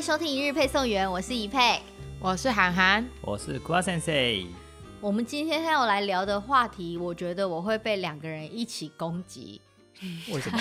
收聽一日配送員，我是怡佩，我是涵涵，我是 Qua Sensei。我們今天要來聊的話題，我覺得我會被兩個人一起攻擊。為什麼？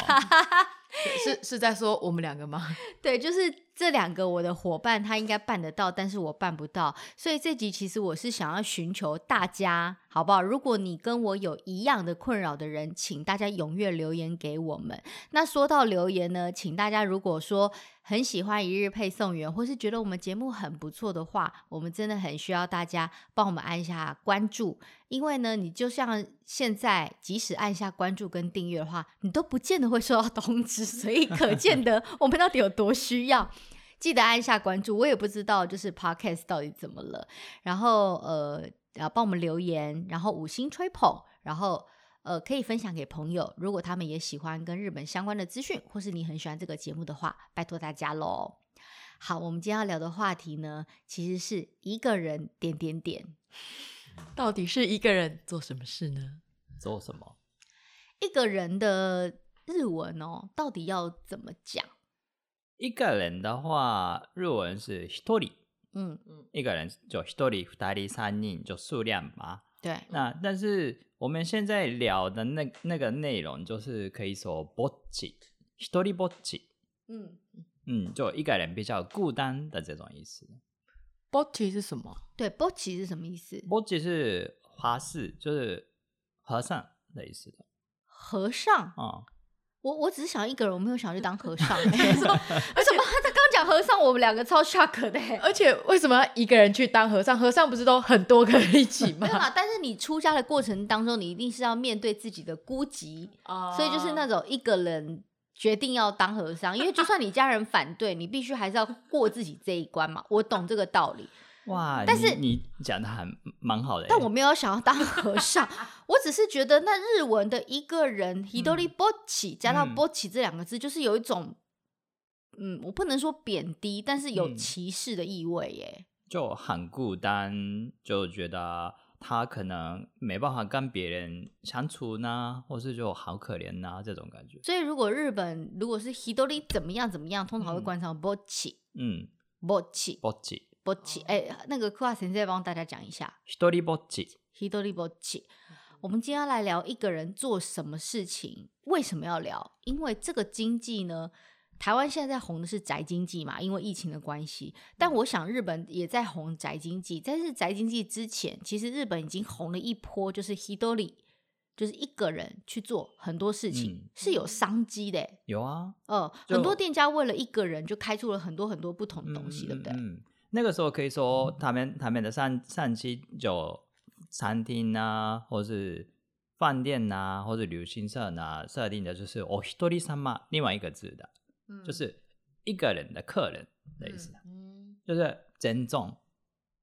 是是在說我們兩個嗎？ 對，就是。這兩個我的夥伴，他應該辦得到，但是我辦不到。所以這集其實我是想要尋求大家，好不好？如果你跟我有一樣的困擾的人，請大家踴躍留言給我們。那說到留言呢，請大家如果說很喜歡一日配送員，或是覺得我們節目很不錯的話，我們真的很需要大家幫我們按一下關注，因為呢，你就像現在，即使按下關注跟訂閱的話，你都不見得會收到通知，所以可見得我們到底有多需要。 記得按下關注，我也不知道就是 podcast 到底怎麼了。然後呃，啊，幫我們留言，然後五星吹捧，然後呃，可以分享給朋友。如果他們也喜歡跟日本相關的資訊，或是你很喜歡這個節目的話，拜托大家嘍。好，我們今天要聊的話題呢，其實是一個人點點點，到底是一個人做什麼事呢？做什麼？一個人的日文哦，到底要怎麼講？一個人的話，日文是ひとり，嗯嗯，一個人就ひとり、二人、三人就數量嘛。對。那但是我們現在聊的那那個內容，就是可以說ボチ、ひとりボチ，嗯嗯，就一個人比較孤單的這種意思。ボチ是什麼？對，ボチ是什麼意思？ボチ是華氏，就是和尚的意思。和尚上啊。嗯我我只是想一個人，我沒有想要去當和尚。欸， 而且他剛講和尚，我們兩個超 shock 的，而且為什麼要一個人去當和尚？和尚不是都很多個人一起嗎？ 沒有啦，但是你出家的過程當中，你一定是要面對自己的孤寂，uh、所以就是那種一個人決定要當和尚，因為就算你家人反對， 你必須還是要過自己這一關嘛。我懂這個道理。哇！但是你講的還蠻好的，但我沒有想要當和尚， 我只是覺得那日文的一個人、嗯、“hidori bocchi” 加到 “bocchi”、嗯、這兩個字，就是有一種嗯，我不能說貶低，但是有歧視的意味耶。就很孤單，就覺得他可能沒辦法跟別人相處呢，或是就好可憐吶，這種感覺。所以如果日本如果是 hidori 怎麼樣怎麼樣，通常會冠上 bocchi，嗯，bocchi，bocchi。哎，那個柯先生幫大家講一下。一人。我們今天要來聊一個人做什麼事情，為什麼要聊？因為這個經濟呢，台灣現在在紅的是宅經濟嘛，因為疫情的關係。但我想日本也在紅宅經濟。但是宅經濟之前，其實日本已經紅了一波，就是ひとり，就是一個人去做很多事情、嗯、是有商機的。有啊，嗯，就很多店家為了一個人就開出了很多很多不同的東西，嗯、對不對？嗯嗯那個時候可以說，嗯、他們他們的上上期就餐廳啊，或是飯店啊，或者旅行社呢，啊，設定的就是哦 hitori sama” 另外一個字的，嗯、就是一個人的客人的意思，嗯、就是珍重，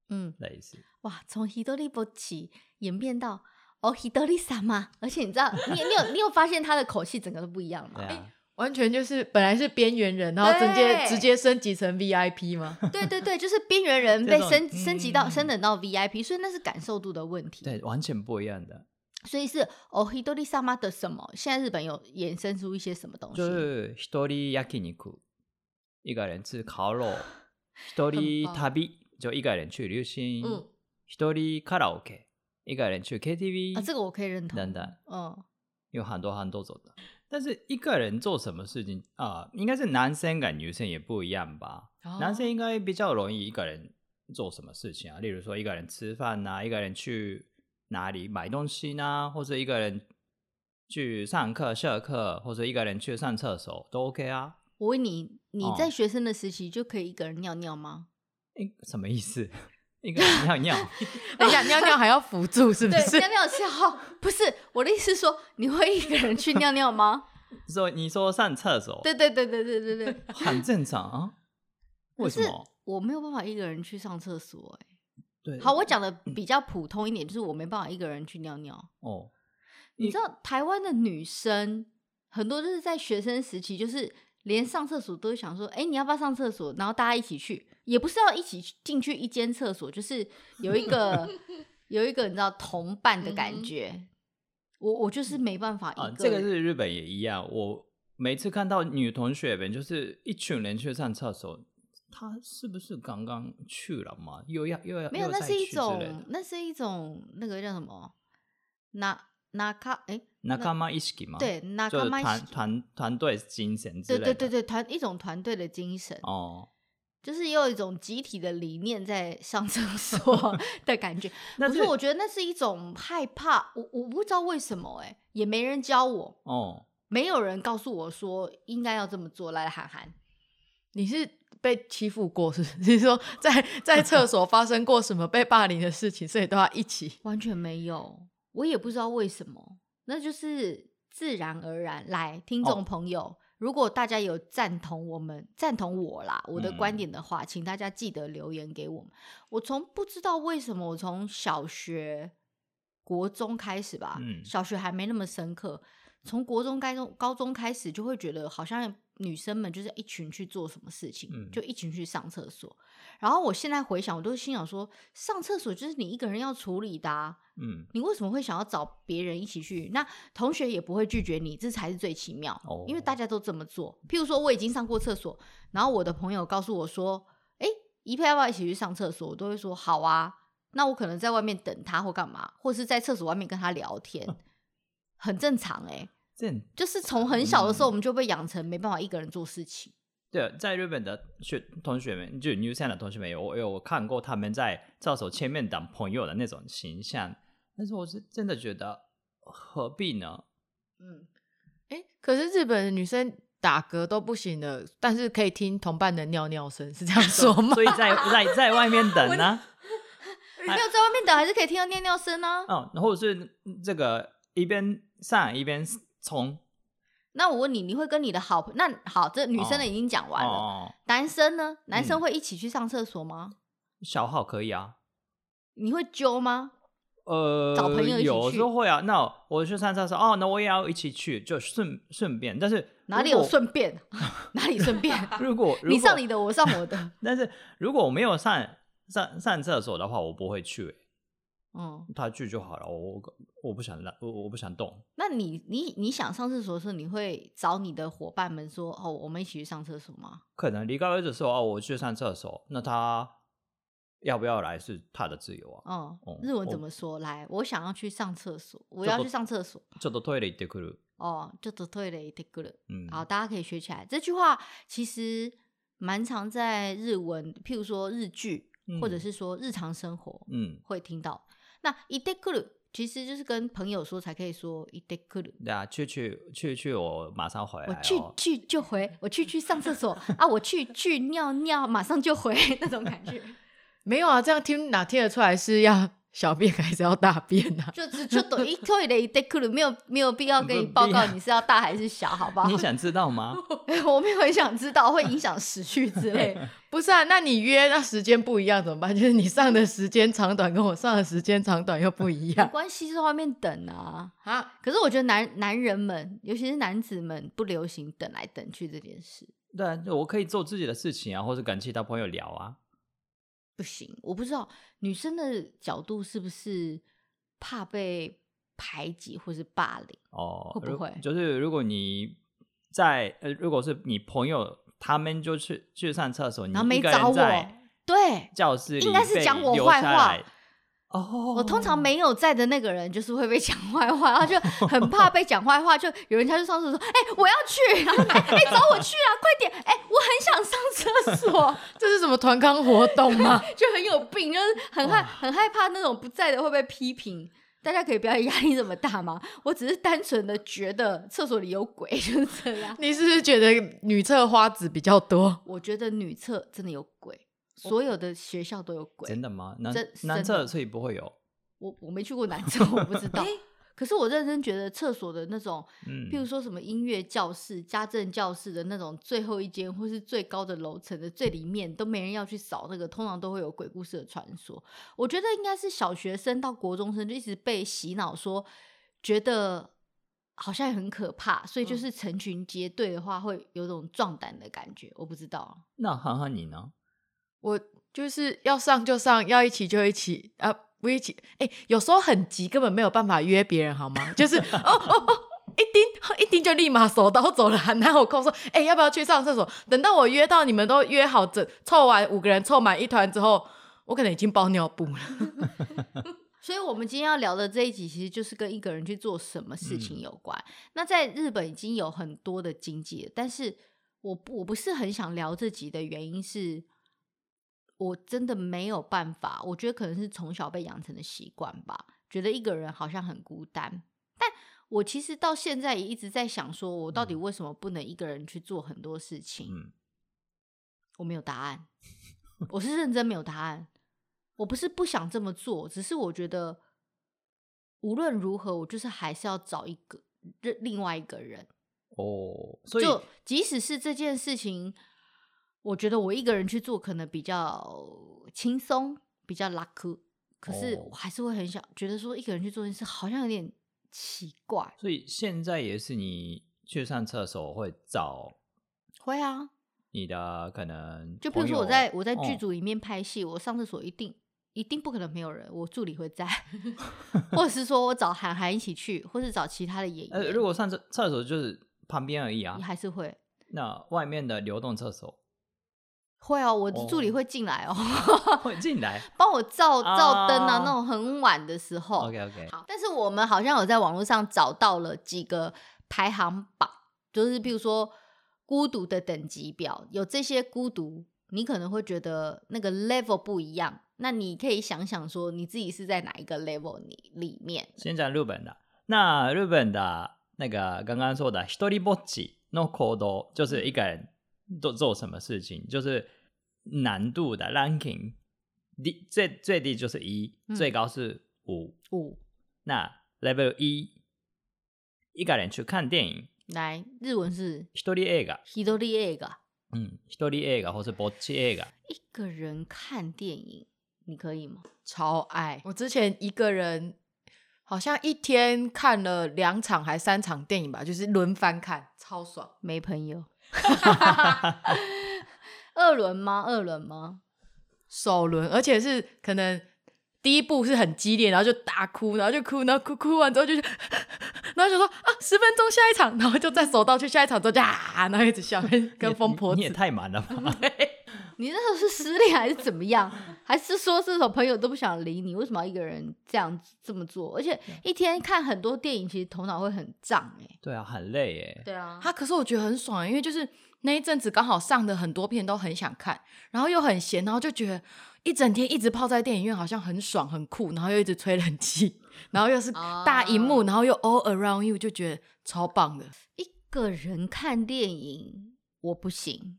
嗯，那意思。嗯、哇，從 “hidori bochi 演變到哦 hitori sama”，而且你知道，你你有你有發現他的口氣整個都不一樣嗎？ 對啊完全就是本來是邊緣人，然後直接對直接升級成 VIP 嗎？對對對，就是邊緣人被升、 嗯、升級到升等到 VIP，所以那是感受度的問題。對，完全不一樣的。所以是哦，おひとりさま的什麼？現在日本有衍生出一些什麼東西？就是ひとり焼肉，一個人吃烤肉；ひとり旅，就一個人去旅行；ひとりカラオケ，一個人去 KTV。啊，這個我可以認同。等等蛋，嗯、哦，有很多很多種的。但是一個人做什麼事情啊、呃？應該是男生跟女生也不一樣吧？Oh. 男生應該比較容易一個人做什麼事情啊，例如說一個人吃飯吶、啊，一個人去哪裡買東西呢，或者一個人去上課、下課，或者一個人去上廁所都 OK 啊。我問你，你在學生的時期就可以一個人尿尿嗎？嗯。欸，什麼意思？一個人尿尿， 等一下 尿尿還要輔助，是不是？對尿尿是好，不是我的意思是說，你會一個人去尿尿嗎？說、 so, 你說上廁所，對對對對對對對，很正常啊。是為什麼？我沒有辦法一個人去上廁所、欸，哎。對。好，我講的比較普通一點，嗯、就是我沒辦法一個人去尿尿。哦。Oh, 你，你知道台灣的女生很多，就是在學生時期就是。連上廁所都想說，哎、欸，你要不要上廁所？然後大家一起去，也不是要一起進去一間廁所，就是有一個 有一個你知道同伴的感覺。嗯、我我就是沒辦法一個、啊、這個是日本也一樣，我每次看到女同學，本就是一群人去上廁所，她是不是剛剛去了嘛？又要又要沒有？那是一種那是一種那個叫什麼？那。那卡哎，仲間意識嗎？對，仲間意識。就是團團團隊精神之類的。對對對對，團一種團隊的精神。哦，就是有一種集體的理念在上廁所的感覺。 可是，我覺得那是一種害怕。我我不知道為什麼哎、欸，也沒人教我哦，沒有人告訴我說應該要這麼做。來涵涵。來，涵涵，你是被欺負過是，不是？你、就是說在在廁所發生過什麼被霸凌的事情，所以都要一起？完全沒有。我也不知道為什麼，那就是自然而然。來，聽眾朋友，哦、如果大家有贊同我們、贊同我啦，我的觀點的話，嗯、請大家記得留言給我們。我從不知道為什麼，我從小學、國中開始吧，嗯、小學還沒那麼深刻，從國中、高中、高中開始，就會覺得好像。女生們就是一群去做什麼事情，就一群去上廁所。嗯、然後我現在回想，我都心想說，上廁所就是你一個人要處理的、啊。嗯、你為什麼會想要找別人一起去？那同學也不會拒絕你，這才是最奇妙。哦、因為大家都這麼做。譬如說，我已經上過廁所，然後我的朋友告訴我說，誒一陪要不要一起去上廁所？我都會說好啊。那我可能在外面等他，或幹嘛，或是在廁所外面跟他聊天，啊、很正常誒、欸就是從很小的時候，我們就被養成沒辦法一個人做事情。嗯、對，在日本的學同學們，就 New Zealand 同學們，我有我看過他們在照手前面等朋友的那種形象，但是我是真的覺得何必呢？嗯，哎，可是日本的女生打嗝都不行的，但是可以聽同伴的尿尿聲，是這樣說嗎？ 所以在在，在外面等呢？沒的、啊、有在外面等，還是可以聽到尿尿聲呢、啊？嗯，然後是這個一邊上一邊。嗯從從那我問你，你會跟你的好朋那好，這女生的已經講完了，哦哦、男生呢？男生會一起去上廁所嗎？嗯、小號可以啊。你會揪嗎？呃，找朋友一起去？有時候會啊。那我去上廁所哦，那我也要一起去，就順順便。但是哪裡有順便？ 哪裡順便 如？如果你上你的，我上我的。 但是如果我沒有上上上廁所的話，我不會去。嗯，他去就好了。我我不想我我不想動。那你你你想上廁所的時候，你會找你的夥伴們說：“哦，我們一起去上廁所嗎？”可能李高輝就說：“哦，我去上廁所。”那他要不要來是他的自由啊。嗯，日文怎麼說？哦、來，我想要去上廁所，我要去上廁所。ちょっとトイレ行ってくる。哦，ちょっとトイレ行ってくる。嗯，好，大家可以學起來。這句話其實蠻常在日文，譬如說日劇，嗯、或者是說日常生活，嗯，會聽到。嗯、那行ってくる。其實就是跟朋友說才可以說一天課。對啊，去去去去，我馬上回來哦。我去去就回，我去去上廁所 啊，我去去尿尿，馬上就回那種感覺。 沒有啊，這樣聽哪聽得出來是要？小便還是要大便啊？ 就只是就對，因為勒一對，沒有沒有必要跟你報告你是要大還是小，好不好？你想知道嗎？ 我沒有很想知道，會影響時序之類。不是啊，那你約那時間不一樣怎麼辦？就是你上的時間長短跟我上的時間長短又不一樣， 沒關係，就在外面等啊啊！可是我覺得男男人們，尤其是男子們，不流行等來等去這件事。對啊，我可以做自己的事情啊，或者跟其他朋友聊啊。不行，我不知道女生的角度是不是怕被排擠或是霸凌哦？會不會就是如果你在，呃，如果是你朋友，他們就去去上廁所，然後沒找我，對，教室裡應該是講我壞話。哦，oh. 我通常沒有在的那個人就是會被講壞話，然後就很怕被講壞話。Oh. 就有人他就上廁所說，哎、欸，我要去，哎、欸欸，找我去啊， 快點，哎、欸，我很想上廁所， 這是什麼團康活動嗎？ 就很有病，就是很害、oh. 很害怕那種不在的會被批評。大家可以不要壓力這麼大嗎？我只是單純的覺得廁所裡有鬼，就是這樣。 你是不是覺得女廁花子比較多？我覺得女廁真的有鬼。所有的學校都有鬼，真的嗎？男，男廁所，所以不會有我，我沒去過男廁， 我不知道。可是我認真覺得廁所的那種，嗯、譬如說什麼音樂教室、家政教室的那種最後一間或是最高的樓層的最裡面，都沒人要去掃那個，通常都會有鬼故事的傳說。我覺得應該是小學生到國中生就一直被洗腦，說覺得好像也很可怕，所以就是成群結隊的話會有種壯膽的感覺。嗯、我不知道，那涵涵你呢？我就是要上就上，要一起就一起啊，不一起哎、欸，有時候很急，根本沒有辦法約別人好嗎？ 就是哦，哦，哦，一丁、哦、一丁就立馬手刀走了，哪有空說哎、欸，要不要去上廁所？等到我約到你們都約好整，整湊完五個人湊滿一團之後，我可能已經包尿布了。 所以，我們今天要聊的這一集，其實就是跟一個人去做什麼事情有關。嗯、那在日本已經有很多的經濟了，但是我我不是很想聊這集的原因是。我真的沒有辦法，我覺得可能是從小被養成的習慣吧。覺得一個人好像很孤單，但我其實到現在也一直在想，說我到底為什麼不能一個人去做很多事情？嗯嗯，我沒有答案，我是認真沒有答案。 我不是不想這麼做，只是我覺得無論如何，我就是還是要找一個另另外一個人哦。所以就，即使是這件事情。我覺得我一個人去做可能比較輕鬆，比較拉酷。可是我還是會很想覺得說，一個人去做件事好像有點奇怪。所以現在也是，你去上廁所會找？會啊，你的可能、啊、就譬如說我在我在劇組裡面拍戲，哦、我上廁所一定一定不可能沒有人，我助理會在， 或者是說我找韓寒一起去，或是找其他的演員。呃、如果上廁廁所就是旁邊而已啊，你還是會？那外面的流動廁所？會哦，我的助理會進來哦，oh, 會進來， 幫我照照燈啊，uh、那種很晚的時候。OK OK。好，但是我們好像有在網絡上找到了幾個排行榜，就是比如說孤獨的等級表，有這些孤獨，你可能會覺得那個 level 不一樣。那你可以想想說，你自己是在哪一個 level 裡裡面？先講日本的，那日本的那個剛剛說的“ひとりぼっち”的活動，就是一個人。做做什麼事情就是難度的 ranking，最最低就是一、嗯，最高是五五。哦、那 level 一，一個人去看電影，來日文是ひとり映畫，ひとり映畫，嗯，ひとり映畫或者ボチ映畫。人映畫一個人看電影，你可以嗎？超愛！我之前一個人好像一天看了兩場還三場電影吧，就是輪番看，超爽，沒朋友。哈哈哈！哈 二輪嗎？二輪嗎？首輪，而且是可能第一步是很激烈，然後就大哭，然後就哭，然後哭哭完之後就，是，然後就說啊，十分鐘下一場，然後就再走到去下一場，之後呀、啊，然後一直笑，跟瘋婆子你也，你也太滿了吧？ 你那時候是失戀還是怎麼樣？ 還是說這種朋友都不想理你？為什麼要一個人這樣這麼做？而且一天看很多電影，其實頭腦會很脹哎、欸。對啊，很累哎、欸。對啊。他、啊、可是我覺得很爽，因為就是那一陣子剛好上的很多片都很想看，然後又很閒，然後就覺得一整天一直泡在電影院好像很爽很酷，然後又一直吹冷氣，然後又是大熒幕，然後又 all around you，就覺得超棒的。Uh, 一個人看電影，我不行。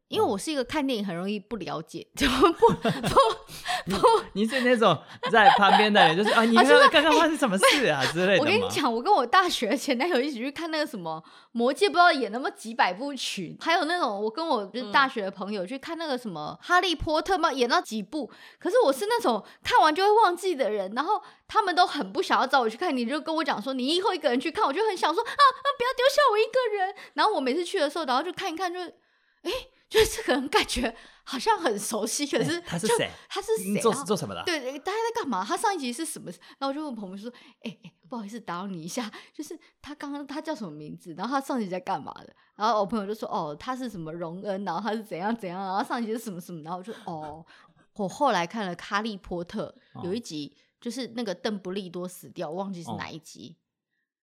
因為我是一個看電影很容易不了解，就不不不 你，你是那種在旁邊的人，就是啊，啊你剛剛是剛剛發生什麼事啊，啊、欸、之類的。我跟你講，我跟我大學前男友一起去看那個什麼《魔戒》，不知道演那麼幾百部曲，還有那種我跟我就大學的朋友去看那個什麼《哈利波特》嘛，演到幾部。嗯、可是我是那種看完就會忘記的人，然後他們都很不想要找我去看，你就跟我講說你以後一個人去看，我就很想說啊那、啊、不要丟下我一個人。然後我每次去的時候，然後就看一看就，就、欸、是就是這個人感覺好像很熟悉，可是他是誰？他是，他是、啊、做是做什麼的？對，他在幹嘛？他上一集是什麼？然後我就問朋友說：“哎、欸欸，不好意思打擾你一下，就是他剛剛他叫什麼名字？然後他上一集在幹嘛的？”然後我朋友就說：“哦，他是什麼榮恩？然後他是怎樣怎樣？然後上一集是什麼什麼？”然後我就哦， 我後來看了《哈利波特》嗯、有一集，就是那個鄧布利多死掉，我忘記是哪一集。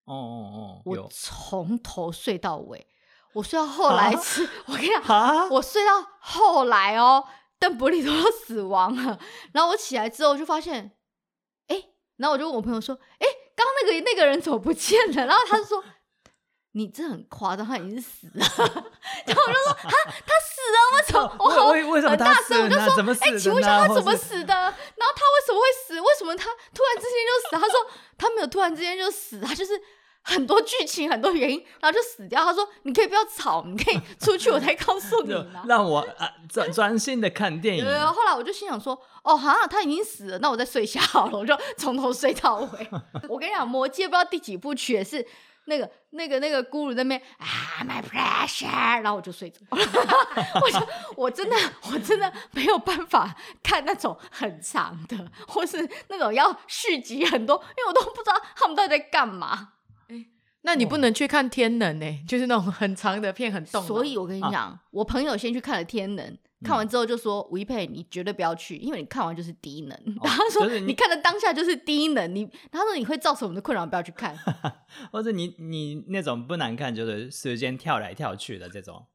哦哦哦！嗯嗯嗯嗯、我從頭睡到尾。我睡到後來、啊，我跟你講，啊、我睡到後來哦，鄧布利多都死亡了。然後我起來之後就發現，哎，然後我就問我朋友說，哎，剛剛那個那個人怎麼不見了？然後他就說， 你這很誇張，他已經死了。 然後我就說，啊， 他死了，為什麼，我好很大聲，麼他死我就說，哎，請問一下，他怎麼死的？ 然後他為什麼會死？為什麼他突然之間就死？ 他說他沒有突然之間就死，他就是。很多劇情，很多原因，然後就死掉。他說：“你可以不要吵，你可以出去，我才告訴你。”讓我啊專專心的看電影有有有。後來我就心想說：“哦好像、啊、他已經死了，那我再睡下好了。”我就從頭睡到尾。 我跟你講，《魔戒》不知道第幾部曲也是那個那個那個咕嚕在那邊 啊，my precious。然後我就睡着了。 我說我真的我真的沒有辦法看那種很長的，或是那種要續集很多，因為我都不知道他們到底在幹嘛。那你不能去看天能呢、欸，哦、就是那種很長的片，很動。所以我跟你講，啊、我朋友先去看了天能，嗯、看完之後就說：“吳一佩，你絕對不要去，因為你看完就是低能。哦”然、就、後、是、說：“你看的當下就是低能，你。”他說：“你會造成我們的困擾，不要去看。 或”或者你你那種不難看，就是時間跳來跳去的這種，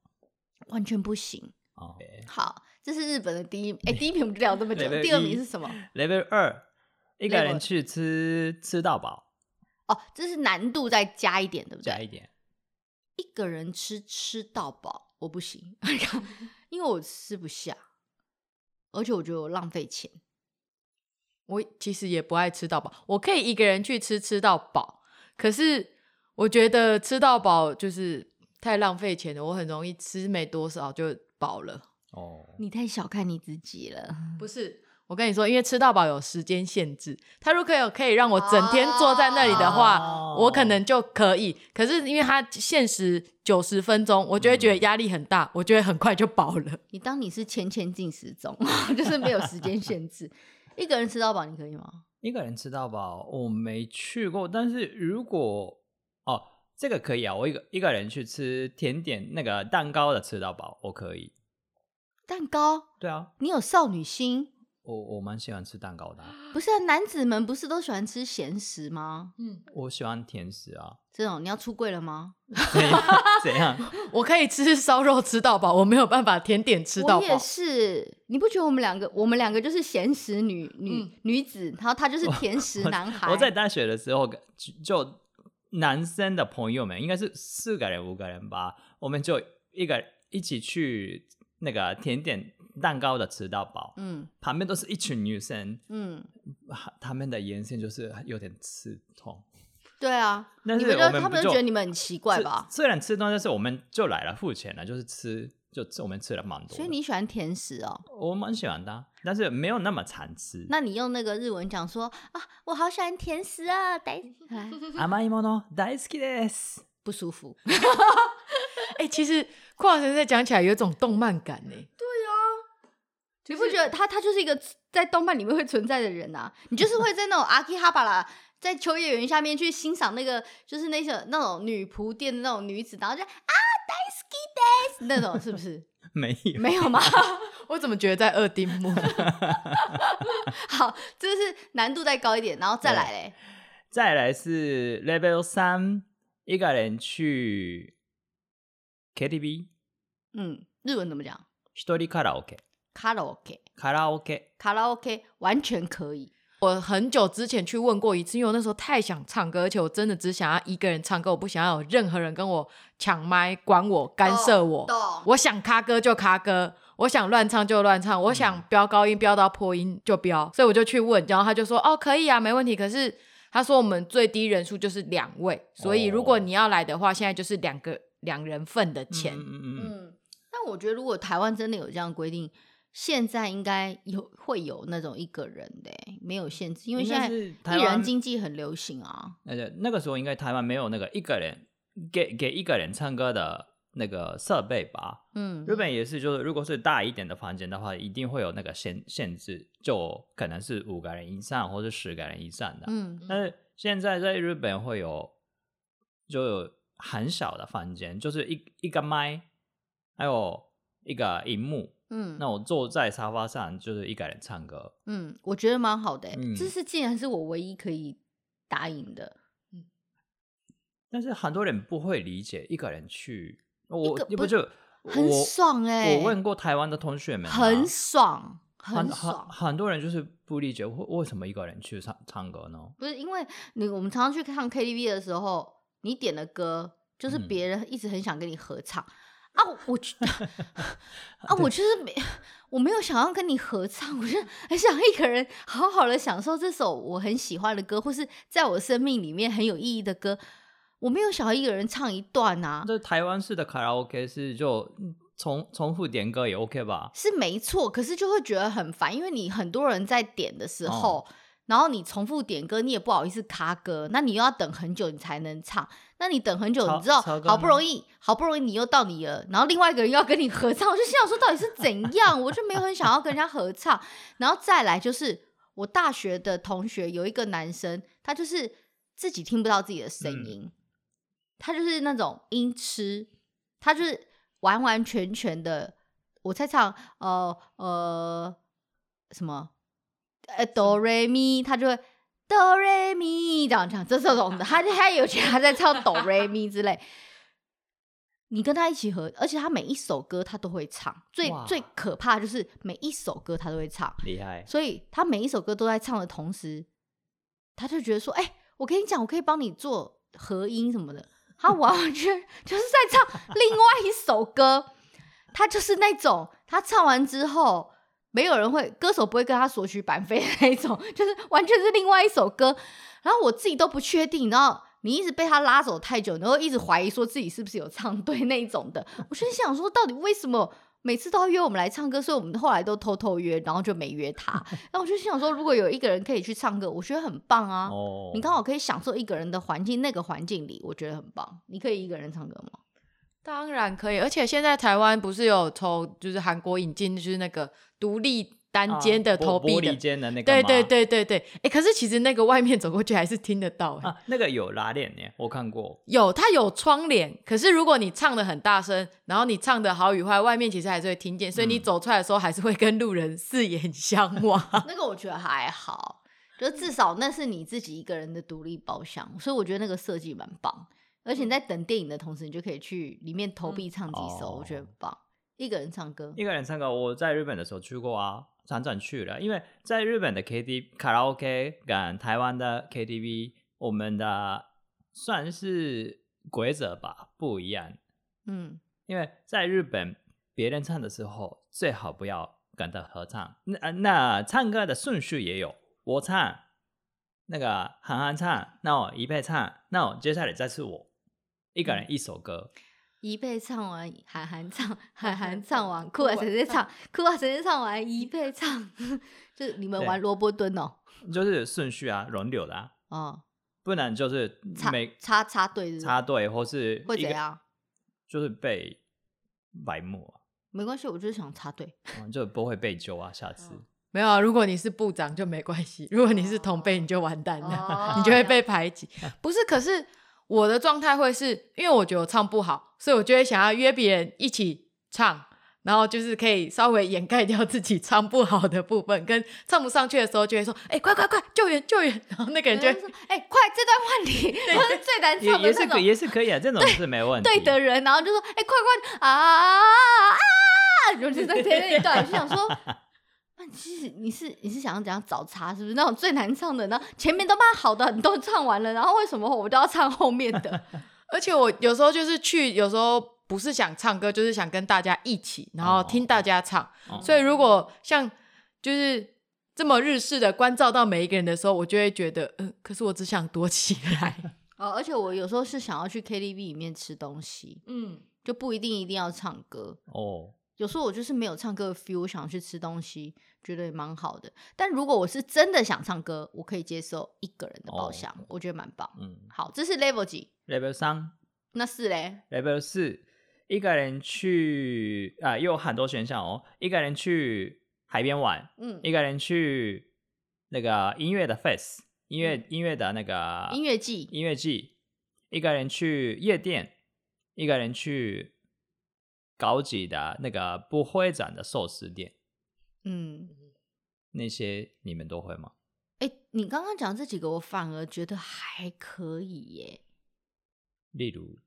完全不行。Okay. 好，這是日本的第一哎、欸，第一名我們聊這麼久， 第二名是什麼？Level 二，一個人去吃吃到飽。哦，這是難度再加一點，對不對？加一點，一個人吃吃到飽，我不行， 因為我吃不下，而且我覺得我浪費錢。我其實也不愛吃到飽，我可以一個人去吃吃到飽，可是我覺得吃到飽就是太浪費錢了，我很容易吃沒多少就飽了。哦，你太小看你自己了。不是。我跟你說，因為吃到飽有時間限制，他如果有可以讓我整天坐在那裡的話，啊、我可能就可以。可是因為他限時九十分鐘，我就會覺得壓力很大，嗯、我就會很快就飽了。你當你是千千進食中， 就是沒有時間限制， 一個人吃到飽，你可以嗎？一個人吃到飽，我沒去過。但是如果哦，這個可以啊，我一個一個人去吃甜點，那個蛋糕的吃到飽，我可以。蛋糕？對啊，你有少女心。我我蠻喜歡吃蛋糕的。啊，不是、啊、男子們不是都喜歡吃鹹食嗎？嗯，我喜歡甜食啊。這種你要出櫃了嗎？ 怎樣？我可以吃燒肉吃到飽，我沒有辦法甜點吃到飽。我也是，你不覺得我們兩個，我們兩個就是鹹食女女、嗯、女子，然後她就是甜食男孩。我我。我在大學的時候，就，就男生的朋友們應該是四個人五個人吧，我們就一個一起去那個甜點。蛋糕的吃到飽，嗯，旁邊都是一群女生，嗯，他們的眼神就是有點刺痛。對啊、嗯，那你們就就他們就覺得你們很奇怪吧？雖然吃東西是，我們就來了，付錢了，就是吃，就我們吃了蠻多。所以你喜歡甜食哦、喔？我蠻喜歡的，但是沒有那麼常吃。那你用那個日文講說、啊、我好喜歡甜食啊，對，甘いもの大好きです不舒服。哎、 欸，其實酷老師在講起來有一種動漫感呢、欸。就是、你不覺得他他就是一個在動漫裡面會存在的人啊？你就是會在那種阿基哈巴拉，在秋葉原下面去欣賞那個，就是那些那種女僕店的那種女子，然後就啊大好 y 那種，是不是？沒有沒有嗎？我怎麼覺得在二丁目？ 好，就是難度再高一點，然後再來嘞。再來是 level 三，一個人去 KTV。嗯，日文怎麼講？一と卡カラ卡拉 OK，卡拉 OK，卡拉 OK，完全可以。我很久之前去問過一次，因為我那時候太想唱歌，而且我真的只想要一個人唱歌，我不想要有任何人跟我搶麥、管我、干涉我。哦哦、我想卡歌就卡歌，我想亂唱就亂唱，我想飆高音飆到破音就飆。嗯、所以我就去問，然後他就說：“哦，可以啊，沒問題。”可是他說我們最低人數就是兩位，所以如果你要來的話，哦、現在就是兩個兩人份的錢。嗯嗯。那、嗯嗯嗯、我覺得，如果台灣真的有這樣的規定，現在應該有會有那種一個人的、欸，沒有限制，因為現在一人經濟很流行啊。那個時候，應該台灣沒有那個一個人給給一個人唱歌的那個設備吧？嗯，日本也是，就是如果是大一點的房間的話，一定會有那個限限制，就可能是五個人以上或者十個人以上的。嗯，但是現在在日本會有就有很小的房間，就是一一個麥，還有一個熒幕。嗯，那我坐在沙發上，就是一個人唱歌。嗯，我覺得蠻好的、欸，嗯，這是竟然是我唯一可以答應的。嗯，但是很多人不會理解一個人去，個我你不就很爽哎、欸。我問過台灣的同學們，啊，很爽，很爽。很多人就是不理解，為為什麼一個人去唱唱歌呢？不是因為你我們常常去看 KTV 的時候，你點的歌就是別人一直很想跟你合唱。嗯。啊，我啊，啊，我就是沒，我沒有想要跟你合唱，我就很想一個人好好的享受這首我很喜歡的歌，或是在我生命裡面很有意義的歌。我沒有想要一個人唱一段啊。這台灣式的卡拉 OK 是就重重複點歌也 OK 吧？是沒錯，可是就會覺得很煩，因為你很多人在點的時候。嗯然後你重複點歌，你也不好意思卡歌，那你又要等很久，你才能唱。那你等很久，曹你知道好不容易，好不容易你又到你了，然後另外一個人又要跟你合唱， 我就心想說到底是怎樣？我就沒有很想要跟人家合唱。 然後再來就是我大學的同學有一個男生，他就是自己聽不到自己的聲音，嗯、他就是那種音痴，他就是完完全全的我在唱呃呃什麼。呃，哆瑞咪，他就會哆瑞咪這樣唱，這是懂的。 他他有時他在唱哆瑞咪之類， 你跟他一起合，而且他每一首歌他都會唱。最哇最可怕就是每一首歌他都會唱，厲害。所以他每一首歌都在唱的同時，他就覺得說：“哎、欸，我跟你講，我可以幫你做合音什麼的。他”他完全就是在唱另外一首歌。 他就是那種，他唱完之後。沒有人會，歌手不會跟他索取版費那一種，就是完全是另外一首歌。然後我自己都不確定，然後你一直被他拉走太久，然後一直懷疑說自己是不是有唱對那一種的。我就想說，到底為什麼每次都要約我們來唱歌？所以我們後來都偷偷約，然後就沒約他。然後我就想說，如果有一個人可以去唱歌，我覺得很棒啊。哦。你剛好可以享受一個人的環境，那個環境裡我覺得很棒。你可以一個人唱歌嗎？當然可以，而且現在台灣不是有投，就是韓國引進，就是那個獨立單間的、啊、投幣的玻璃間的那個，對對對對對誒。可是其實那個外面走過去還是聽得到哎、啊，那個有拉鏈耶，我看過，有它有窗簾，可是如果你唱的很大聲，然後你唱的好與壞，外面其實還是會聽見，所以你走出來的時候還是會跟路人四眼相望。嗯、 那個我覺得還好，就至少那是你自己一個人的獨立包廂，所以我覺得那個設計蠻棒。而且你在等電影的同時，你就可以去裡面投幣唱幾首，嗯、我覺得很棒。哦、一個人唱歌，一個人唱歌。我在日本的時候去過啊，常常去了。因為在日本的 K T 卡拉 OK 跟台灣的 K T V，我們的算是規則吧，不一樣。嗯，因為在日本，別人唱的時候最好不要跟他合唱。那那唱歌的順序也有，我唱，那個韓韓唱，那我一倍唱，那我接下來再次我。一個人一首歌，一輩唱完，涵涵唱，涵涵唱完，酷啊誰在唱，酷啊誰在唱完，一輩唱，就是你們玩蘿蔔蹲哦，就是順序啊，輪流的啊，不能就是插插插隊，插隊或是會怎樣，就是被埋沒，沒關係，我就是想插隊，就不會被揪啊，下次沒有啊，如果你是部長就沒關係，如果你是同輩你就完蛋了，你就會被排擠，不是可是。我的狀態會是因為我覺得我唱不好，所以我就會想要約別人一起唱，然後就是可以稍微掩蓋掉自己唱不好的部分，跟唱不上去的時候就會說，哎、欸，快快快，救援救援，救援然後那個人就,會就說，哎、欸，快，這段換你，就對是最難唱的那種，也是也是可以啊，這種是沒問題。對,對的人，然後就說，哎、欸，快快啊啊啊，就是那那一段，就想說。 其實你是你是想要怎樣找茬？是不是那種最難唱的呢？前面都把好的你都唱完了，然後為什麼我們都要唱後面的？ 而且我有時候就是去，有時候不是想唱歌，就是想跟大家一起，然後聽大家唱。Oh, okay. 所以如果像就是這麼日式的關照到每一個人的時候，我就會覺得，嗯、呃，可是我只想躲起來哦。 oh, 而且我有時候是想要去 KTV 裡面吃東西，嗯，就不一定一定要唱歌哦。Oh. 有時候我就是沒有唱歌的 feel，想要去吃東西。覺得也蠻好的，但如果我是真的想唱歌，我可以接受一個人的包廂，哦、我覺得蠻棒。嗯，好，這是 level 幾？level 三 3,，那四嘞？level 四，一個人去啊，又有很多選項哦。一個人去海邊玩，嗯，一個人去那個音樂的 face，音樂音樂的那個音樂祭，音樂祭，一個人去夜店，一個人去高級的那個不會展的壽司店。嗯，那些你們都會嗎？哎、欸，你剛剛講這幾個，我反而覺得還可以耶。例如，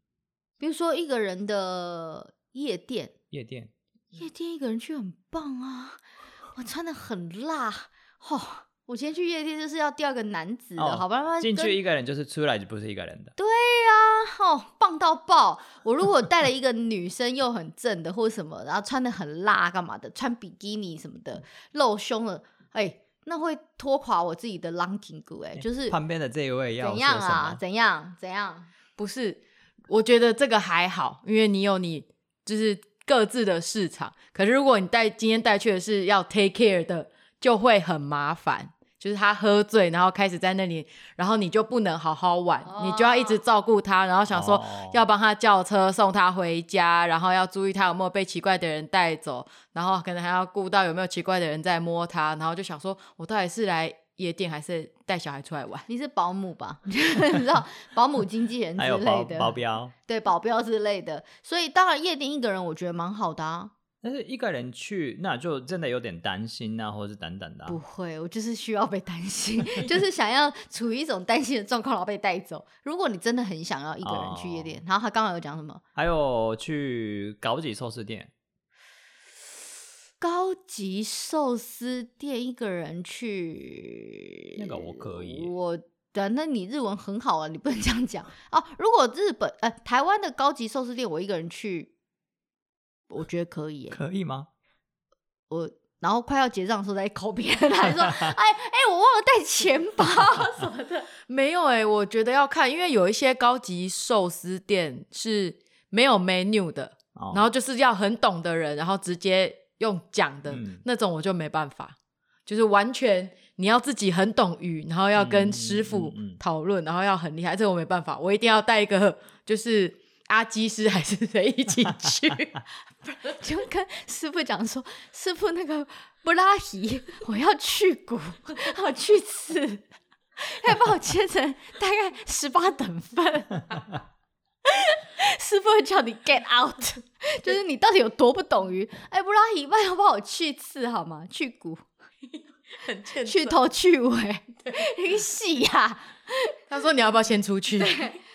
比如說一個人的夜店，夜店，夜店，一個人去很棒啊！我穿的很辣，哦，我今天去夜店就是要釣一個男子的，哦、好吧？進去一個人就是出來就不是一個人的，對呀、啊。啊、哦，棒到爆！我如果帶了一個女生，又很正的， 或什麼，然後穿得很辣，幹嘛的，穿比基尼什麼的，露胸了。哎、欸，那會拖垮我自己的 ranking 哎，就是、欸、旁邊的這一位要，要。怎樣啊？怎樣？怎樣？不是，我覺得這個還好，因為你有你就是各自的市場。可是如果你帶今天帶去的是要 take care 的，就會很麻煩。就是他喝醉，然後開始在那裡，然後你就不能好好玩，哦、你就要一直照顧他，然後想說要幫他叫車、哦、送他回家，然後要注意他有沒有被奇怪的人帶走，然後可能還要顧到有沒有奇怪的人在摸他，然後就想說，我到底是來夜店還是帶小孩出來玩？你是保姆吧？你知道保姆經紀人之類的保鏢，保對保鏢之類的，所以當然夜店一個人我覺得蠻好的啊。但是一個人去，那就真的有點擔心啊，或是等等的、啊。不會，我就是需要被擔心， 就是想要處於一種擔心的狀況，然後被帶走。如果你真的很想要一個人去夜店，哦、然後他剛剛有講什麼？還有去高級壽司店，高級壽司店一個人去，那個我可以。我的，那你日文很好啊，你不能這樣講哦、 啊。如果日本呃台灣的高級壽司店，我一個人去。我覺得可以，可以嗎？我然後快要結賬的時候再 call 別人來說， 哎哎，我忘了帶錢包什麼的。 沒有哎、欸，我覺得要看，因為有一些高級壽司店是沒有 menu 的，哦、然後就是要很懂的人，然後直接用講的、嗯、那種，我就沒辦法，就是完全你要自己很懂魚，然後要跟師傅討論，嗯嗯嗯然後要很厲害，這個、我沒辦法，我一定要帶一個，就是。阿基師還是誰一起去？ 就跟師傅講說：“師傅，那個布拉吉，我要去骨，好去刺，要幫我切成大概十八等份，啊。” 師傅會叫你 get out，就是你到底有多不懂魚？哎、欸，布拉吉，問要把我去刺好嗎？去骨， 很帥去頭去尾，你很細呀。他說：“你要不要先出去？”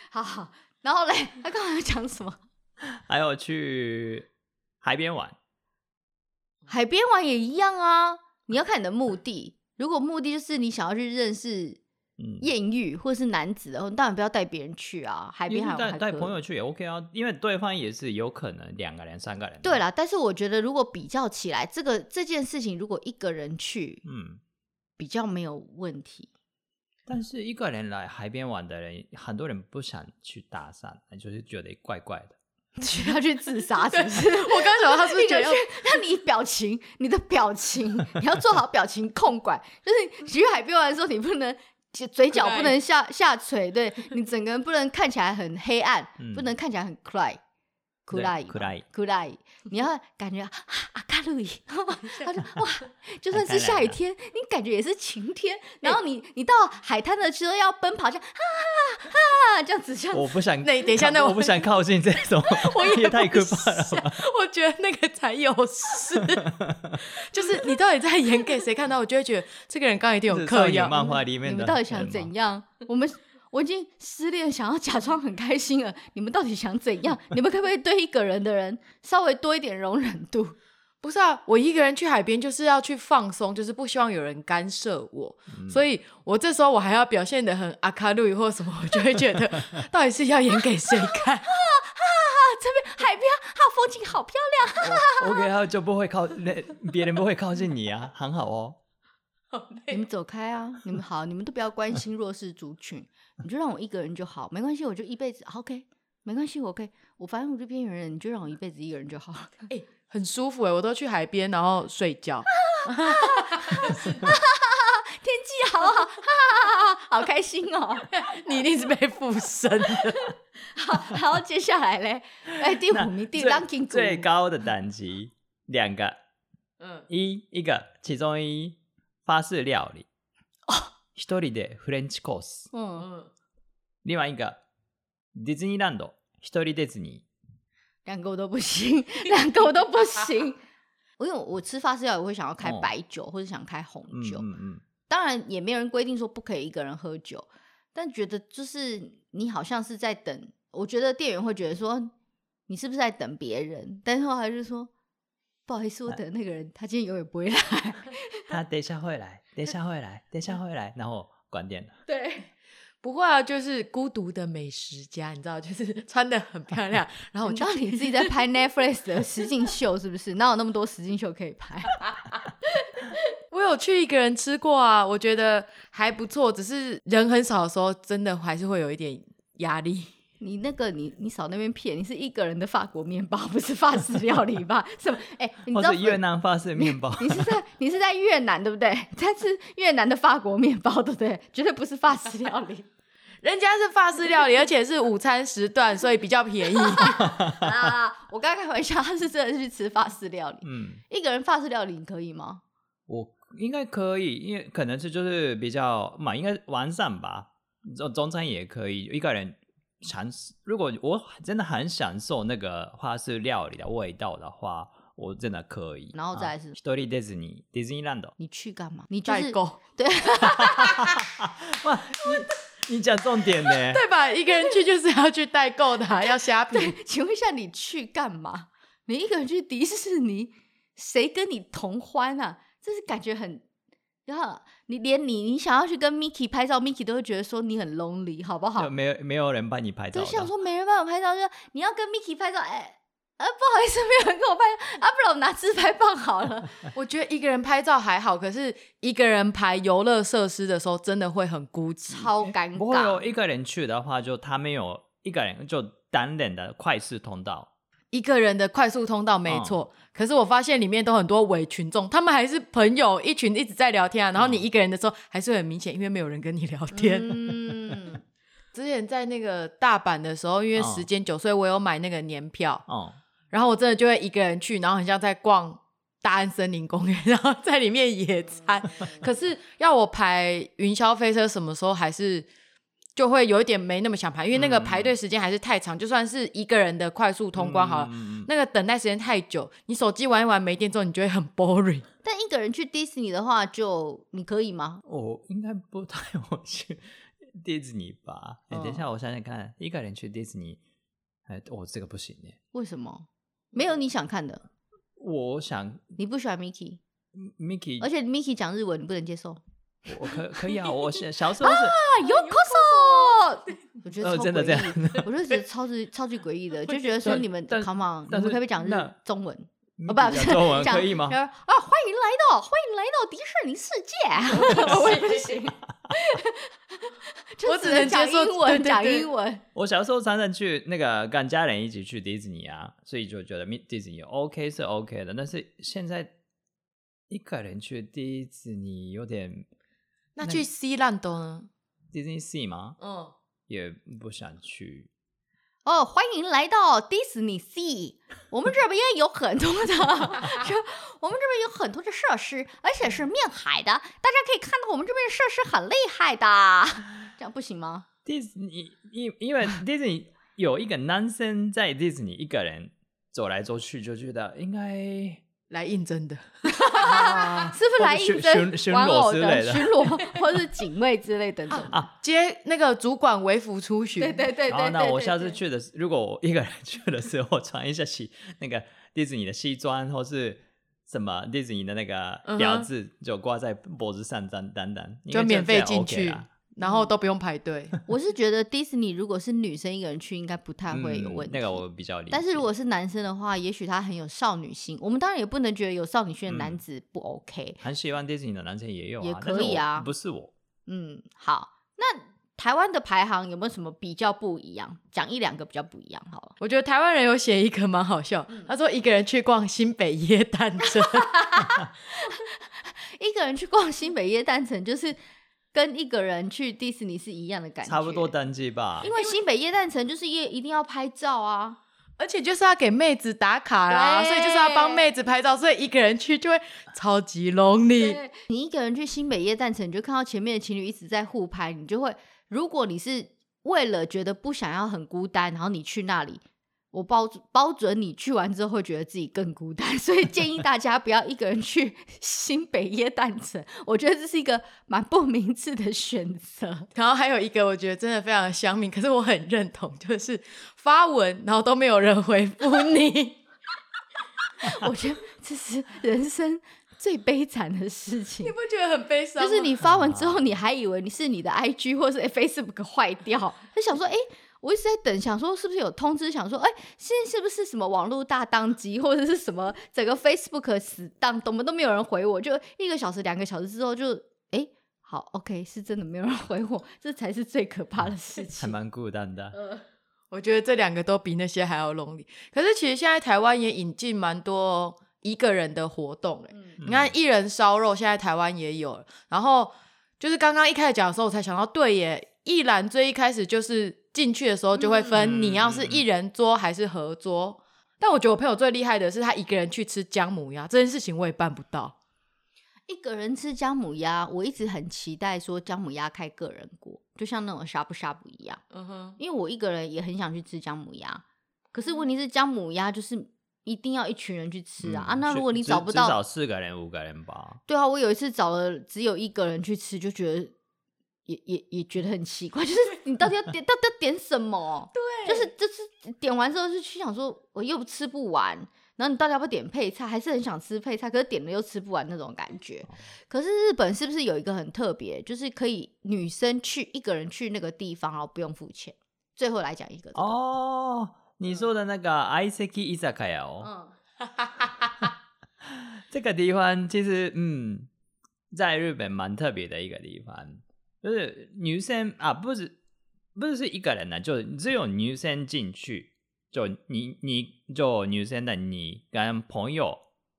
好好對。 然後嘞，他剛才在講什麼？還有去海邊玩，海邊玩也一樣啊。你要看你的目的， 如果目的就是你想要去認識豔遇或是男子的話，嗯、當然不要帶別人去啊。海邊海玩海帶,帶朋友去也 OK 啊，因為對方也是有可能兩個人、三個人。對啦，但是我覺得如果比較起來，這個這件事情如果一個人去，嗯，比較沒有問題。但是一個人來海邊玩的人，很多人不想去搭訕，就是覺得怪怪的，要去，去自殺是不是？ 對 我剛想到他是，是覺得去，你要那你表情，你的表情， 你要做好表情控管，就是去海邊玩的時候，你不能嘴角不能下 下垂，對，你整個人不能看起來很黑暗， 不能看起來很 cry。酷拉伊，酷拉伊，你要感覺啊，阿卡路伊， 他說哇，就算是下雨天，你感覺也是晴天。然後你你到海灘的時候要奔跑，像啊啊啊，這樣子，像我不想，那等一下，那我,我不想靠近這種， 我也 也太可怕了，我覺得那個才有事。 就是你到底在演給誰看到？我就會覺得這個人剛剛一定有刻意。你們到底想怎樣？我們。我已經失戀，想要假裝很開心了。你們到底想怎樣？你們可不可以對一個人的人稍微多一點容忍度？不是啊，我一個人去海邊就是要去放鬆，就是不希望有人干涉我。嗯、所以我這時候我還要表現得很阿卡路伊或什麼，我就會覺得到底是要演給誰看？哈哈哈！這邊海邊好風景，好漂亮。哈 哈，我給他，就不會靠那別 人不會靠近你啊，很好，好哦。好，你們走開啊！你們好，你們都不要關心弱勢族群。你就讓我一個人就好，沒關係，我就一輩子 OK，沒關係，我 OK，我反正我就邊緣人，你就讓我一輩子一個人就好。哎、 欸，很舒服哎、欸，我都去海邊然後睡覺， 天氣好好， 好開心哦、喔。你一定是被附身。 好好，接下來嘞，哎、欸，第五名，第五 ranking 最高的等級兩個，嗯，一一個，其中一法式料理哦。 一人德法式烤司。嗯。另外，你看迪士尼 land，一人德尼。兩個我都不行，兩個我都不行。我 因為我吃法式料理會想要開白酒或者想開紅酒。嗯嗯嗯，當然，也沒有人規定說不可以一個人喝酒，但覺得就是你好像是在等，我覺得店員會覺得說你是不是在等別人，但是後來就說。不好意思，我等那個人，他今天永遠不會來。他等一下會來，等一下會來，等一下會來，然後關店了。對，不會啊，就是孤獨的美食家，你知道，就是穿得很漂亮， 然後我知道你自己在拍 Netflix 的實境秀，是不是？ 哪有那麼多實境秀可以拍？ 我有去一個人吃過啊，我覺得還不錯，只是人很少的時候，真的還是會有一點壓力。你那個你你少那邊騙，你是一個人的法國麵包，不是法式料理吧？ 什麼？哎、欸，你知道是越南法式麵包你？你是在你是在越南對不對？ 在吃越南的法國麵包對不對？絕對不是法式料理， 人家是法式料理，而且是午餐時段， 所以比較便宜啊！ 我剛開玩笑，他是真的去吃法式料理。嗯，一個人法式料理你可以嗎？我應該可以，因為可能是就是比較嘛，應該是完善吧。中中餐也可以一個人。嚐，如果我真的很享受那個花式料理的味道的話，我真的可以。然後再來是，啊、你去幹嘛？你、就是、代購？對，你講重點呢？ 對吧？一個人去就是要去代購的， 要蝦皮。請問一下，你去幹嘛？你一個人去迪士尼，誰跟你同歡啊？這是感覺很。然後你連你，你想要去跟 Miki 拍照，Miki 都會覺得說你很 lonely，好不好？沒有沒有人幫你拍照，就想說沒人幫我拍照，就要你要跟 Miki 拍照，哎，呃、啊，不好意思，沒有人跟我拍照， 啊，不然我拿自拍棒好了。 我覺得一個人拍照還好，可是一個人排遊樂設施的時候，真的會很孤寂，欸、超尷尬。如果有一個人去的話，就他沒有一個人就單人的快速通道。一個人的快速通道沒錯，哦、可是我發現裡面都很多偽群眾，他們還是朋友一群一直在聊天啊。哦、然後你一個人的時候，還是很明顯，因為沒有人跟你聊天。嗯，之前在那個大阪的時候，因為時間久，哦、所以我有買那個年票。哦，然後我真的就會一個人去，然後很像在逛大安森林公園，然後在裡面野餐。哦、可是要我排雲霄飛車，什麼時候還是？就會有一點沒那麼想排，因為那個排隊時間還是太長。嗯、就算是一個人的快速通關好了，嗯、那個等待時間太久，你手機玩一玩沒電，之後你就會很 boring。但一個人去迪士尼的話，就你可以嗎？我應該不太想去迪士尼吧，欸，等一下，我想想看，一個人去迪士尼，哎、欸，我、哦、這個不行。為什麼？沒有你想看的？我想你不喜歡 Mickey，Mickey，而且 Mickey 講日文，你不能接受。我可可以啊？我小時候 我覺得真的詭異，我就覺得超級超級詭異的，就覺得說你們好 o 你們可不可以講中文？中文可以嗎？啊，歡迎來到，歡迎來到迪士尼世界，我只能講英文，講英文。我小時候常常去那個跟家人一起去迪士尼啊，所以就覺得迪士尼 OK 是 OK 的，但是現在一個人去迪士尼有點……那去西蘭多呢迪士尼 n e 嗎？嗯。也不想去哦，歡迎來到迪士尼。Sea。我們這邊有很多的，這 我們這邊有很多的設施，而且是面海的。大家可以看到，我們這邊的設施很厲害的，這樣不行嗎？迪士尼，因因為迪士尼有一個男生在迪士尼一個人走來走去，就覺得應該。來應徵的，啊、 是不是來應徵玩偶的巡邏，或是警衛之類的？接那個主管微服出巡，對對對對好。然後我下次去的，對對對對，如果我一個人去的時候，我穿一下西那個迪士尼的西裝，或是什麼 disney 的那個標誌，嗯、哼就掛在脖子上，等等等，單單就，OK 啊、就免費進去。然後都不用排隊，嗯、我是覺得迪士尼如果是女生一個人去，應該不太會有問題。嗯、那個我比較理解，但是如果是男生的話，也許他很有少女心。我們當然也不能覺得有少女心的男子不 OK。嗯。很喜歡迪士尼的男生也有，啊，也可以啊。不是我。嗯，好，那台灣的排行有沒有什麼比較不一樣？講一兩個比較不一樣好了。我覺得台灣人有寫一個蠻好笑，嗯、他說一個人去逛新北耶誕城， 一個人去逛新北耶誕城就是。跟一個人去迪士尼是一樣的感覺，差不多單機吧。因為新北耶誕城就是一一定要拍照啊，而且就是要給妹子打卡啦，對所以就是要幫妹子拍照，所以一個人去就會超級 lonely。你一個人去新北耶誕城，你就看到前面的情侶一直在互拍，你就會，如果你是為了覺得不想要很孤單，然後你去那裡。我包包準你去完之後會覺得自己更孤單，所以建議大家不要一個人去新北耶誕城，我覺得這是一個蠻不明智的選擇。然後還有一個我覺得真的非常鄉民，可是我很認同，就是發文然後都沒有人回覆你， 我覺得這是人生最悲慘的事情。你不覺得很悲傷？就是你發文之後，你還以為你是你的 IG 或是 Facebook 壞掉，你想說哎。欸我一直在等，想說是不是有通知？想說，哎、欸，現在是不是什麼網絡大當機，或者是什麼整個 Facebook 死當？怎麼都沒有人回我？就一個小時、兩個小時之後就，就、欸、哎，好，OK，是真的沒有人回我，這才是最可怕的事情。還蠻孤單的、呃，我覺得這兩個都比那些還要 lonely。可是其實現在台灣也引進蠻多一個人的活動，嗯、你看一人燒肉，現在台灣也有。然後就是剛剛一開始講的時候，我才想到，對耶，一蘭最一開始就是。進去的時候就會分，你要是一人桌還是合桌。嗯、但我覺得我朋友最厲害的是他一個人去吃薑母鴨，這件事情我也辦不到。一個人吃薑母鴨，我一直很期待說薑母鴨開個人鍋，就像那種呷哺呷哺一樣。嗯哼，因為我一個人也很想去吃薑母鴨，可是問題是薑母鴨就是一定要一群人去吃啊，嗯、啊那如果你找不到，你找四個人五個人吧？對啊，我有一次找了只有一個人去吃，就覺得也也也覺得很奇怪，就是。 你到底要點？到底要點什麼？對，就是就是點完之後是去想說，我、哦、又吃不完。然後你到底要不要點配菜？還是很想吃配菜，可是點了又吃不完那種感覺。哦、可是日本是不是有一個很特別，就是可以女生去一個人去那個地方，然後不用付錢？最後來講一個，個哦，你說的那個 Izaki Izakaya 哦，這個地方其實嗯，在日本蠻特別的一個地方，就是女生啊，不是。不是，是一個人呢、啊，就只有女生進去，就你你就女生的你跟朋友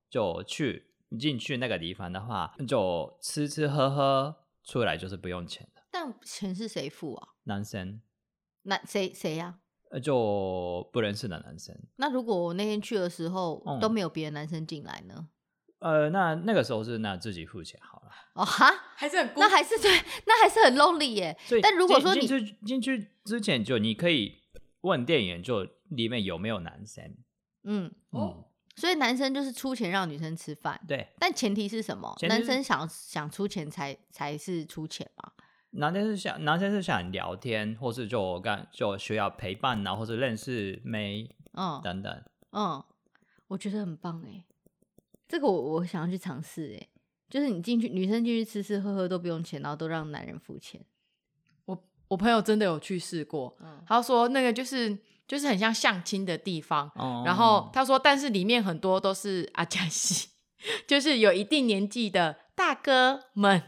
就去進去那個地方的話，就吃吃喝喝出來就是不用錢的。但錢是誰付啊？男生，男誰誰呀？啊、就不認識的男生。那如果我那天去的時候、嗯、都沒有別的男生進來呢？呃，那那個時候是那自己付錢好了。哦哈，還是很那還是對，那還是很 lonely 耶。所以，但如果說你進去，進去之前就你可以問店員，就裡面有沒有男生？嗯哦，嗯所以男生就是出錢讓女生吃飯，對。但前提是什麼？男生想想出錢才才是出錢嘛？男生是想男生是想聊天，或是就干就需要陪伴吶，或者認識妹，嗯，等等。嗯，我覺得很棒哎。這個我我想要去嘗試哎，就是你進去，女生進去吃吃喝喝都不用錢，然後都讓男人付錢。我我朋友真的有去試過，嗯、他說那個就是就是很像相親的地方，嗯、然後他說但是裡面很多都是阿加西，就是有一定年紀的大哥們。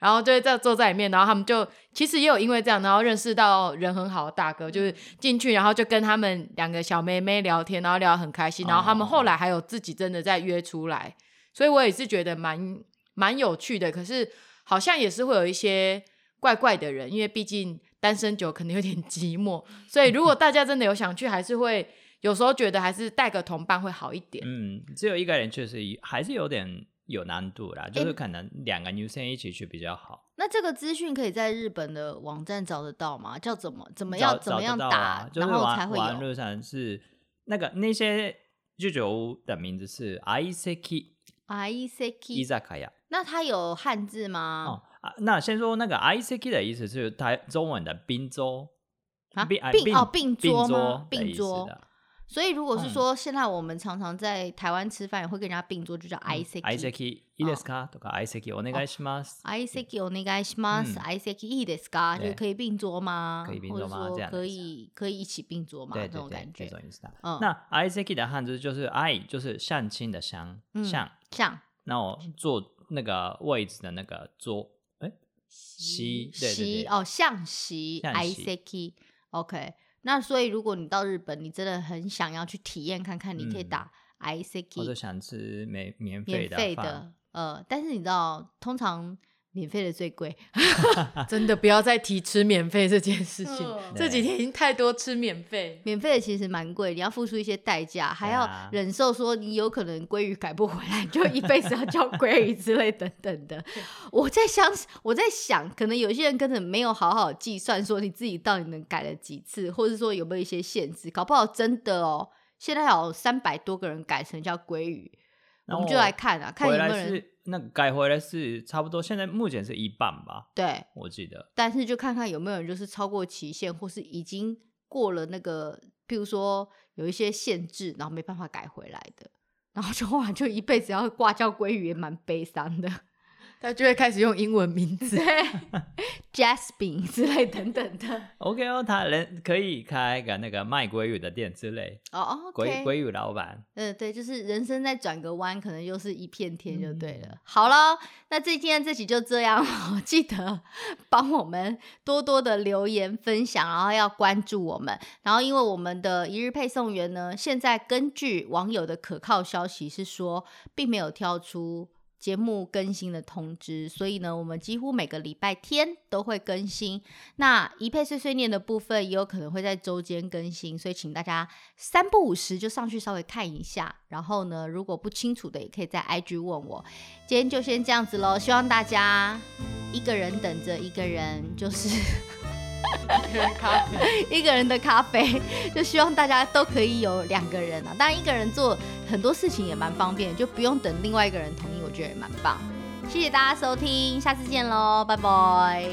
然後就在坐在裡面，然後他們就其實也有因為這樣，然後認識到人很好的大哥，就是進去，然後就跟他們兩個小妹妹聊天，然後聊得很開心。然後他們後來還有自己真的在約出來，哦、所以我也是覺得蠻蠻有趣的。可是好像也是會有一些怪怪的人，因為畢竟單身久可能有點寂寞，所以如果大家真的有想去， 還是會有時候覺得還是帶個同伴會好一點。嗯，只有一個人確實還是有點。有難度啦，就是可能兩個女生一起去比較好。那這個資訊可以在日本的網站找得到嗎？叫怎麼怎麼樣怎麼樣打？就是會玩樂山是那個那些舅舅的名字是 Aiseki Aiseki Izakaya。那他有漢字嗎？那先說那個 Aiseki 的意思是他中文的拼桌啊，拼，哦，拼桌嗎？拼桌。所以，如果是說現在我們常常在台灣吃飯，也會跟人家併桌，就叫 aiseki aiseki，いいですか，或者 aiseki，我お願いします。aiseki，我お願いします，aiseki，いいですか，就可以併桌嗎？可以併桌嗎？這樣可以可以一起併桌嗎？對對對，這種感覺。嗯，那 aiseki 的漢字就是 i，就是相親的相，相相。那我坐那個位置的那個桌，哎，席席哦，相席 aiseki OK。那所以，如果你到日本，你真的很想要去體驗看看，你可以打 i c k，或者想吃免免費的，呃，但是你知道，通常。免費的最貴， 真的不要再提吃免費這件事情。 這幾天已經太多吃免費，對免費的其實蠻貴，你要付出一些代價，啊、還要忍受說你有可能鮭魚改不回來，就一輩子要叫鮭魚之類等等的。 我在想，我在想，可能有些人根本沒有好好計算說你自己到底能改了幾次，或者說有沒有一些限制，搞不好真的哦。現在有三百多個人改成叫鮭魚。我們就來看啊，看有沒有人。那改回來是差不多，現在目前是一半吧。對，我記得。但是就看看有沒有人，就是超過期限，或是已經過了那個，譬如說有一些限制，然後沒辦法改回來的，然後就哇，就一輩子要掛叫鮭魚，也蠻悲傷的。他就會開始用英文名字 ，Jasper 之類等等的。OK 哦，他人可以開一個那個賣鮭魚的店之類。哦、oh, okay.，鮭魚鮭魚老板。嗯，對，就是人生在轉個彎，可能又是一片天，就對了。嗯、好了，那今天這集就這樣了。我記得幫我們多多的留言分享，然後要關注我們。然後，因為我們的一日配送員呢，現在根據網友的可靠消息是說，並沒有挑出。節目更新的通知，所以呢，我們幾乎每個禮拜天都會更新。那一配碎碎念的部分也有可能會在週間更新，所以請大家三不五時就上去稍微看一下。然後呢，如果不清楚的也可以在 IG 問我。今天就先這樣子嘍，希望大家一個人等着一個人，就是。 一個人咖啡， 一個人的咖啡， 就希望大家都可以有兩個人啊。當然，一個人做很多事情也蠻方便，就不用等另外一個人同意，我覺得也蠻棒。謝謝大家收聽，下次見嘍，拜拜。